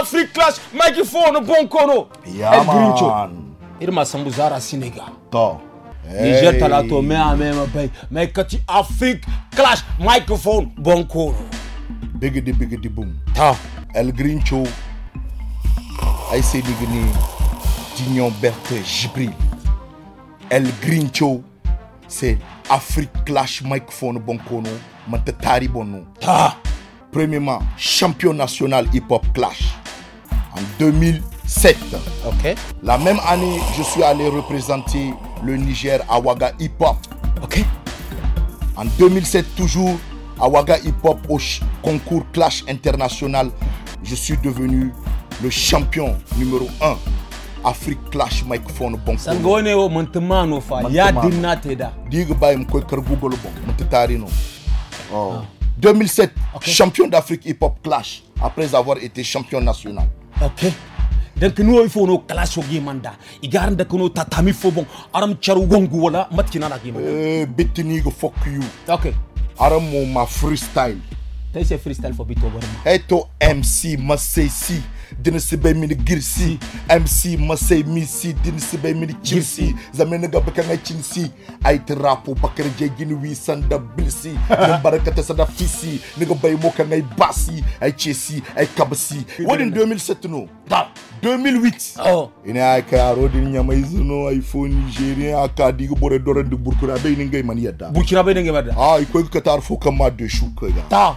Afrique Clash microphone bonkono Il m'a semblé à Sénégal to Niger à la à même mais tu Afrique Clash microphone bonkono bigidi bigidi boom ta El Grincho ay say digni Berthe Jibril El Grincho c'est Afrique Clash microphone bonkono manta tari bonno ta premièrement champion national hip hop Clash en 2007. La même année, je suis allé représenter le Niger à Waga Hip Hop. En 2007 toujours, à Waga Hip Hop au concours Clash International, je suis devenu le champion numéro 1 Afrique Clash Microphone 2007, ah. champion d'Afrique Hip Hop Clash après avoir été champion national. ok donc no il faut no classe gi manda igar ndak no tatami fo bon aram charu gongu wala matkina na gi manda eh bitini go fuck you ok aram mo ma freestyle tay c'est freestyle for bito wala hey mc masay si dina si bay mini girsi mc masay misi dina si bay mini cirsi zamene ga baka ngai si ay trapo Bakere, je gini wi sanda bilsi min barakata sada fisi ni ga bay mo ka basi ay cesi ay kabasi 2007 no ta 2008 oh ina ay ka rodin nyama izuno iPhone Nigerien, nigeria akadi go bore dore du burkina bay ni ngai man yadda burkina bay ni ngai madda ay ko tar fo kama de ta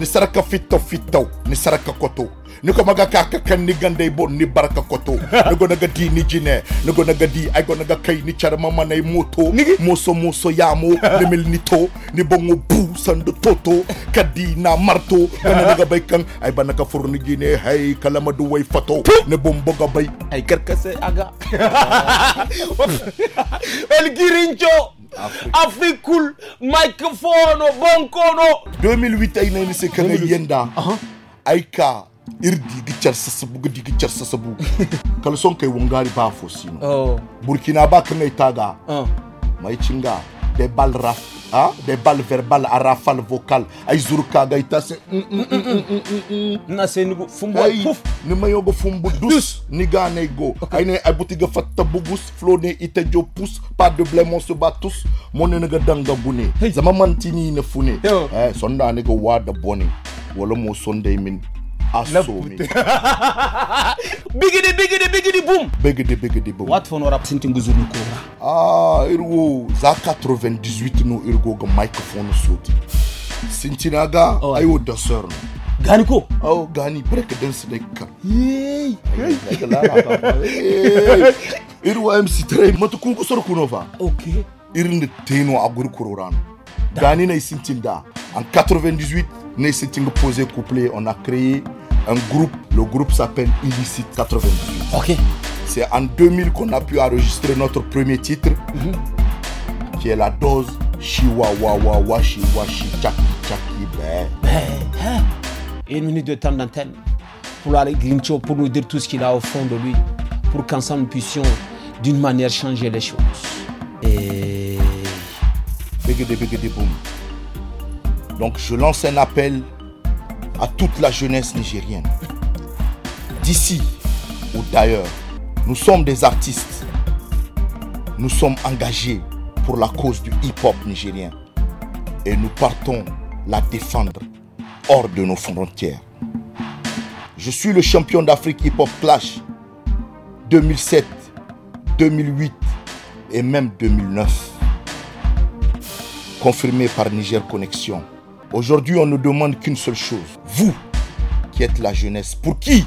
ni saraka fitto, fitaw ni saraka koto ni ko maga kaka ni gande bon ni baraka koto ni go naga di ni jine ni go naga di ay go naga kay ni charma moto moso moso yamo ni mil ni to ni bongo toto Kadina marto kana naga bay kan ay banaka furni jine hay kala ma du way bay ay karkase aga el girincho afrique cool microphone bonkono 2008 ay nani se kana yenda ay ka irdi gicar sasabu gidi gicar sasabu kalson kai wongari ba fosino oh. burkina ba kana itaga ah. mai cinga de balraf ah, Des balles verbales, à rafale vocale. Aizurka, gaita, c'est. Na c'est nugu fumbo. Pouf. Ni mayogo fumbo douce. Ni gane go. Aine abutiga fatta bugus. Flone ite jo pousse. Pas de blé, on se bat tous. Mon danga bune. Zama mantini ne founé. Eh, sonda go wada boni. Wala mo sonde min. Assomi. Bigidi, bigidi, boum Begede, begede, boum. Wat fon warap sinti Ah, irgo, za 98 no irgo microphone soti. Sinti naga, oh, ayo Gani ko? Oh, gani, break dance da ka. Yey. Irgo MC Train, Il Okay. Irin teno a gurkurorano. Gani na e da. En 98, na e posé couplé, on a créé un groupe le groupe s'appelle Illicite 88. Ok. C'est en 2000 qu'on a pu enregistrer notre premier titre, mhm. qui est la dose Chihuahua, Chihuahua, Chaki, Chaki, Une minute de temps d'antenne pour aller Grincho, pour nous dire tout ce qu'il a au fond de lui, pour qu'ensemble nous puissions d'une manière changer les choses. Et. Donc je lance un appel à toute la jeunesse nigérienne. Ici ou d'ailleurs, nous sommes des artistes. Nous sommes engagés pour la cause du hip-hop nigérien et nous partons la défendre hors de nos frontières. Je suis le champion d'Afrique Hip Hop Clash 2007, 2008 et même 2009. Confirmé par Niger Connexion. Aujourd'hui, on ne demande qu'une seule chose. Vous, qui êtes la jeunesse, pour qui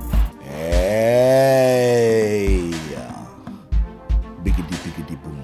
Hey. Iya. Biggity di boom.